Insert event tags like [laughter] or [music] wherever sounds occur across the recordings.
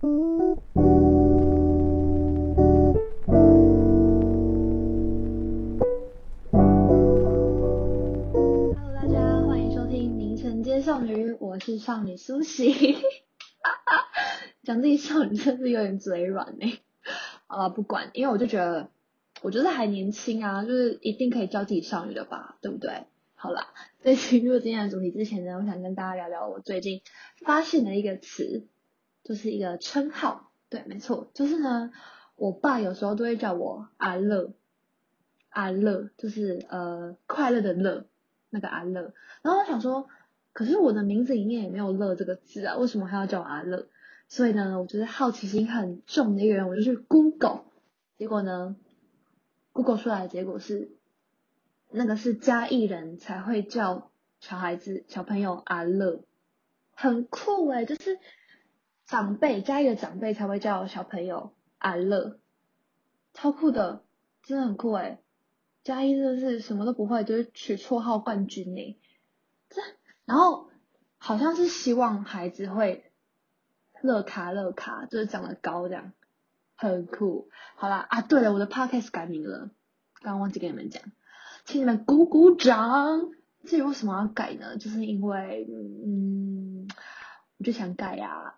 Hello，大家歡迎收聽《凌晨接少女》，我是少女蘇西。 [laughs] 講自己少女真的有點嘴軟呢、欸？好了，不管，因為我就覺得，我就是還年輕啊，就是一定可以叫自己少女的吧，對不對？好啦，在進入今天的主題之前呢，我想跟大家聊聊我最近發現的一個詞。就是一個稱號，對，沒錯，就是呢，我爸有時候都會叫我阿樂，阿樂，就是呃，快樂的樂，那個阿樂。然後我想說，可是我的名字裡面也沒有樂這個字啊，為什麼還要叫我阿樂？所以呢，我就是好奇心很重的一個人，我就去 Google，結果呢，Google 出來的結果是，那個是嘉義人才會叫小孩子、小朋友阿樂，很酷哎、欸，就是。長輩加一，的長輩才會叫小朋友阿樂、啊，超酷的，真的很酷哎！加一真的是，是什麼都不會，就是取綽號冠軍哎！這然後好像是希望孩子會樂卡樂卡，就是長得高這樣，很酷。好啦，啊，對了，我的 podcast 改名了，剛剛，剛忘記跟你們講，請你們鼓鼓掌。至於為什麼要改呢？就是因為嗯，我就想改呀、啊。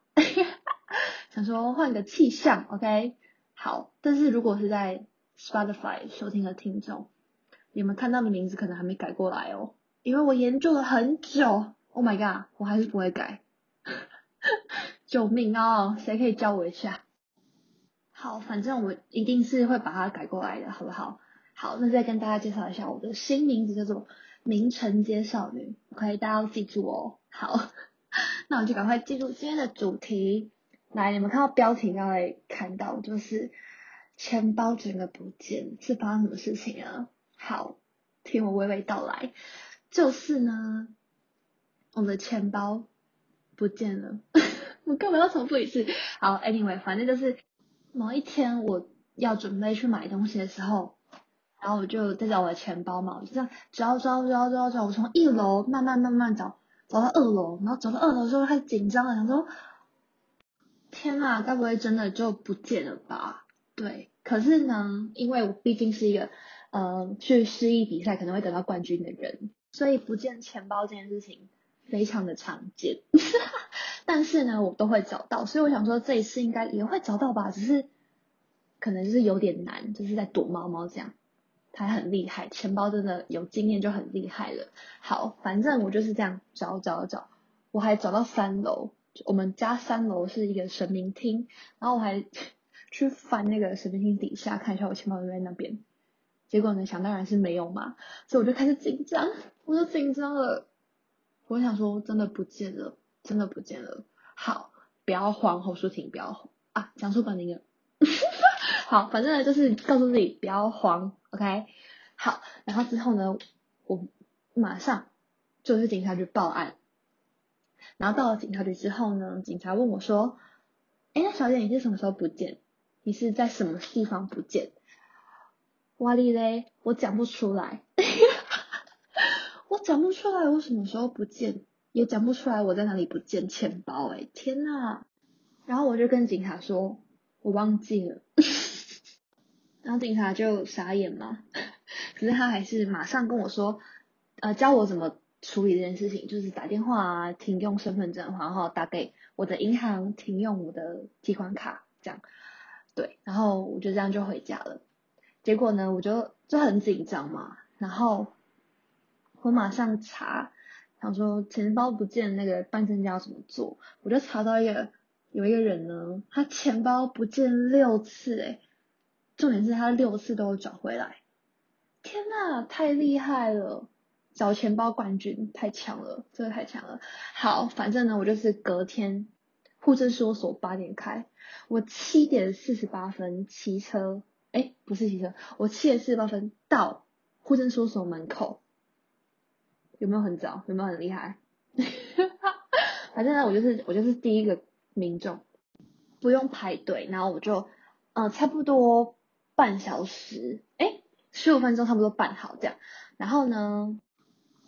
想說換個氣象，OK，好。但是如果是在 Spotify 收聽的聽眾，你們看到的名字可能還沒改過來哦，因為我研究了很久。Oh my god，我還是不會改， [laughs] 救命啊、哦！誰可以教我一下？好，反正我一定是會把它改過來的，好不好？好，那再跟大家介紹一下我的新名字叫做名城街少女，OK，大家要記住哦。好，那我就趕快進入今天的主題。來，你們看到標題，剛才看到就是錢包整個不見，是發生什麼事情啊？好，聽我娓娓道來。就是呢，我的錢包不見了。 [laughs] 我幹嘛要重複一次？好，Anyway，反正就是某一天，我要準備去買東西的時候，然後我就在找我的錢包嘛，我就這樣找找找找找，我從一樓慢慢慢慢找，找到二樓，然後找到二樓之後，太緊張了，想說。天啊，該不會真的就不見了吧？對，可是呢，因為我畢竟是一個呃去失憶比賽可能會得到冠軍的人，所以不見錢包這件事情非常的常見。 [laughs] 但是呢，我都會找到，所以我想說這一次應該也會找到吧，只是可能就是有點難，就是在躲貓貓這樣，他很厲害，錢包真的有經驗就很厲害了。好，反正我就是這樣找找找，我還找到三樓。我們家三樓是一個神明廳，然後我還去翻那個神明廳底下看一下我錢包在那邊，結果呢，想當然是沒有嘛，所以我就開始緊張，我就緊張了，我想說真的不見了，真的不見了。好，不要慌侯，侯淑婷不要慌啊，蔣淑芳那個， [laughs] 好，反正呢就是告訴自己不要慌，OK，好，然後之後呢，我馬上就是警察局報案。然後到了警察局之後呢，警察問我說：“哎，那小姐，你是什麼時候不見？你是在什麼地方不見？”哇哩嘞，我講不出來， [laughs] 我講不出來，我什麼時候不見？也講不出來，我在哪裡不見錢包，欸，哎，天哪！然後我就跟警察說：“我忘記了。 [laughs] ”然後警察就傻眼嘛，可是他還是馬上跟我說：“呃，教我怎麼……”處理這件事情，就是打電話啊，停用身份證，然後打給我的銀行停用我的提款卡，這樣，對，然後我就這樣就回家了。結果呢，我就就很緊張嘛，然後我馬上查，想說錢包不見那個辦證要怎麼做，我就查到一個有一個人呢，他錢包不見六次哎、欸，重點是他六次都會找回來，天哪、啊，太厲害了！找錢包冠軍太強了，真的太強了。好，反正呢，我就是隔天，戶政事務所八點開，我七點四十八分騎車，哎、欸，不是騎車，我七點四十八分到戶政事務所門口，有沒有很早？有沒有很厲害？ [laughs] 反正呢，我就是我就是第一個民眾，不用排隊，然後我就，嗯、呃、差不多半小時，哎、欸，十五分鐘差不多辦好這樣，然後呢？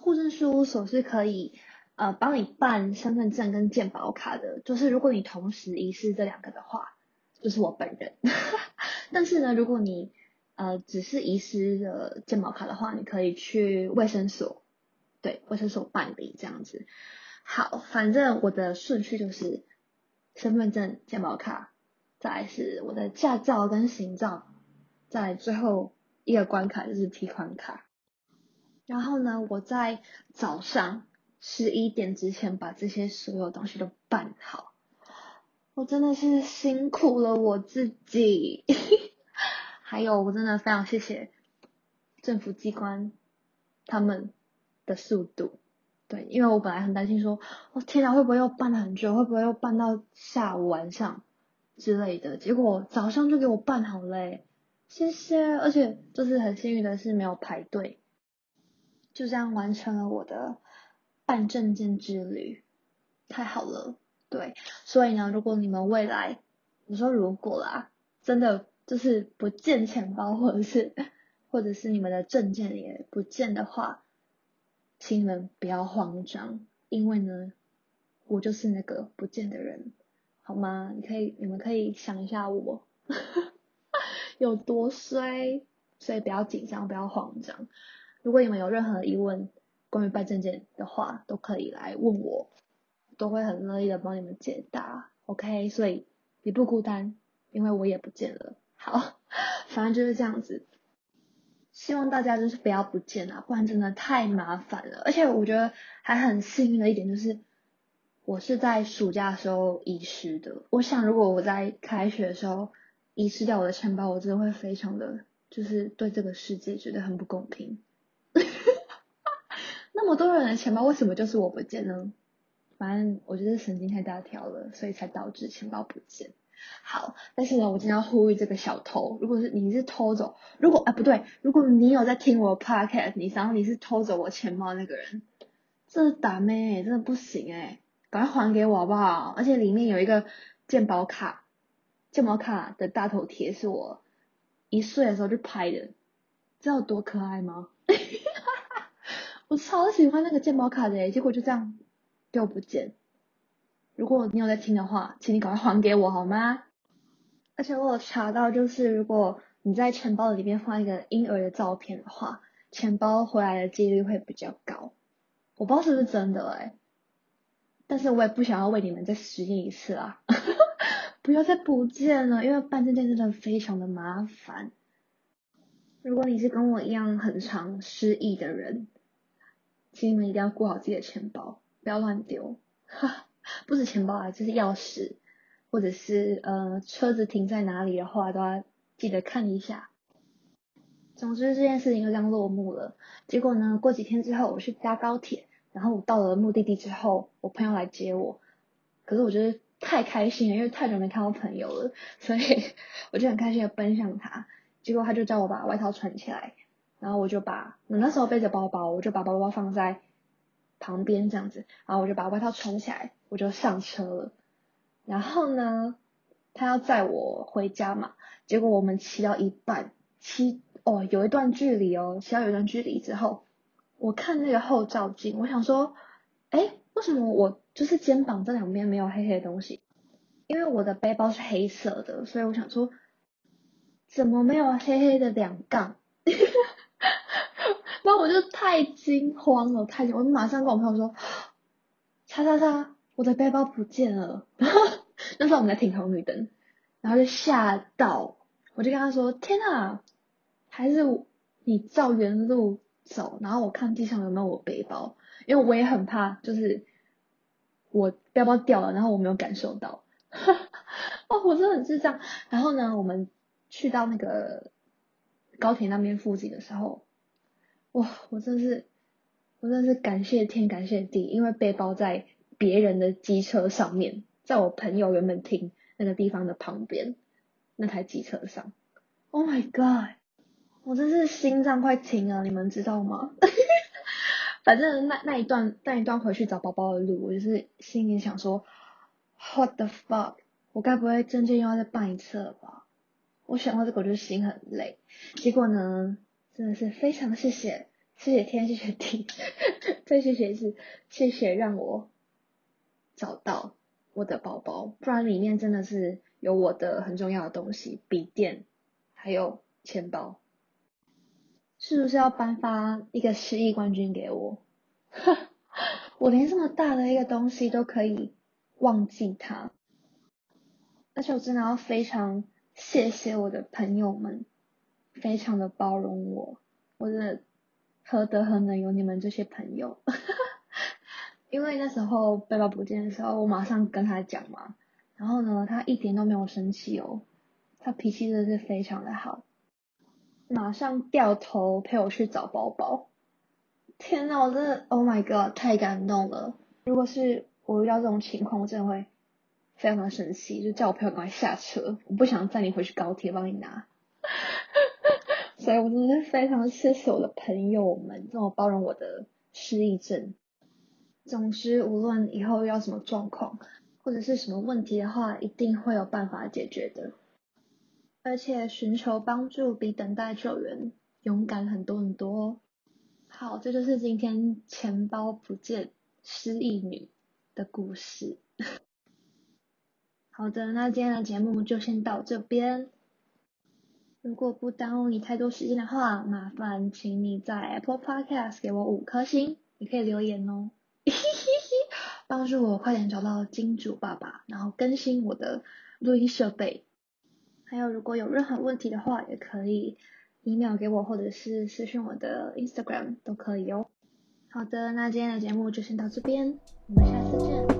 戶政事務所是可以，呃，幫你辦身份證跟健保卡的。就是如果你同時遺失這兩個的話，就是我本人。 [laughs] 但是呢，如果你呃只是遺失了健保卡的話，你可以去衛生所，對，衛生所辦理這樣子。好，反正我的順序就是身份證、健保卡，再來是我的駕照跟行照，再最後一個關卡就是提款卡。然後呢，我在早上十一點之前把這些所有東西都辦好，我真的是辛苦了我自己。 [laughs] 還有，我真的非常謝謝政府機關他們的速度。對，因為我本來很擔心說，我天啊，會不會又辦很久？會不會又辦到下午晚上之類的？結果早上就給我辦好嘞，欸，謝謝！而且就是很幸運的是，沒有排隊。就這樣完成了我的辦證件之旅，太好了。對，所以呢，如果你們未來，我說如果啦，真的就是不見錢包，或者是或者是你們的證件也不見的話，請你們不要慌張，因為呢，我就是那個不見的人，好嗎？你可以，你們可以想一下我 [laughs] 有多衰，所以不要緊張，不要慌張。如果你們有任何疑問關於辦證件的話，都可以來問我，都會很樂意的幫你們解答。OK，所以你不孤單，因為我也不見了。好，反正就是這樣子。希望大家就是不要不見啊，不然真的太麻煩了。而且我覺得還很幸運的一點就是，我是在暑假的時候遺失的。我想如果我在開學的時候遺失掉我的錢包，我真的會非常的就是對這個世界覺得很不公平。這麼多人的錢包，為什麼就是我不見呢？反正我覺得神經太大條了，所以才導致錢包不見。好，但是呢，我經常呼籲這個小偷，如果你是你是偷走，如果啊，不對，如果你有在聽我 podcast，你想要你是偷走我錢包那個人，這是打咩？真的不行哎、欸！趕快還給我好不好？而且裡面有一個健保卡，健保卡的大頭貼是我一歲的時候就拍的，知道多可愛嗎？ [laughs] 我超喜歡那個健保卡的，欸，結果就這樣就不見。如果你有在聽的話，請你趕快還給我好嗎？而且我有查到，就是如果你在錢包裡面放一個嬰兒的照片的話，錢包回來的幾率會比較高。我不知道是不是真的哎，欸，但是我也不想要為你們再實驗一次啦， [laughs] 不要再不見了，因為辦這件事真的非常的麻煩。如果你是跟我一樣很常失憶的人。請你們一定要顧好自己的錢包，不要亂丟。哈，不止錢包啊，就是鑰匙，或者是呃車子停在哪裡的話，都要記得看一下。總之這件事情就這樣落幕了。結果呢，過幾天之後我去搭高鐵，然後我到了目的地之後，我朋友來接我。可是我覺得太開心了，因為太久沒看到朋友了，所以我就很開心的奔向他。結果他就叫我把外套穿起來。然後我就把，我那時候背着包包，我就把包包放在旁邊這樣子，然後我就把外套穿起來，我就上車了。然後呢，他要載我回家嘛，結果我們騎到一半，騎，哦，有一段距離哦，騎到有一段距離之後，我看那個後照鏡，我想說，哎，為什麼我就是肩膀這兩邊沒有黑黑的東西？因為我的背包是黑色的，所以我想說，怎麼沒有黑黑的兩槓？那我就太驚慌了，太驚，我就馬上跟我朋友說：“叉叉叉，我的背包不見了。 [laughs] ”那時候我們在停紅綠燈，然後就嚇到，我就跟他說：“天啊！”還是你照原路走，然後我看地上有沒有我背包，因為我也很怕，就是我背包掉了，然後我沒有感受到。 [laughs] 哦，我真的很智障。然後呢，我們去到那個高鐵那邊附近的時候。哇，我真是，我真是感謝天感謝地，因為背包在別人的機車上面，在我朋友原本停那個地方的旁邊，那台機車上。Oh my god！我真是心臟快停了，你們知道嗎？ [laughs] 反正那那一段那一段回去找包包的路，我就是心裡想說 What the fuck！我該不會真正要再辦一次了吧？我想到這個我就心很累。結果呢？真的是非常謝謝，謝謝天，謝謝地，最 [laughs] 謝謝是謝謝讓我找到我的包包，不然裡面真的是有我的很重要的東西，筆電還有錢包。是不是要頒發一個失憶冠軍給我？ [laughs] 我連這麼大的一個東西都可以忘記它，而且我真的要非常謝謝我的朋友們。非常的包容我，我真的何德何能有你們這些朋友， [laughs] 因為那時候背包不見的時候，我馬上跟他講嘛，然後呢，他一點都沒有生氣哦，他脾氣真的是非常的好，馬上掉頭陪我去找包包，天哪，我真的，Oh my God，太感動了。如果是我遇到這種情況，我真的會非常的生氣，就叫我朋友趕快下車，我不想載你回去高鐵，幫你拿。所以我真的是非常謝謝我的朋友們這麼包容我的失憶症。總之，無論以後要什麼狀況或者是什麼問題的話，一定會有辦法解決的。而且尋求幫助比等待救援勇敢很多很多。好，這就是今天錢包不見失憶女的故事。好的，那今天的節目就先到這邊。如果不耽誤你太多時間的話，麻煩請你在 Apple Podcast 給我五顆星，也可以留言哦， [laughs] 幫助我快點找到金主爸爸，然後更新我的錄音設備。還有，如果有任何問題的話，也可以 email 給我，或者是私訊我的 Instagram 都可以哦。好的，那今天的節目就先到這邊，我們下次見。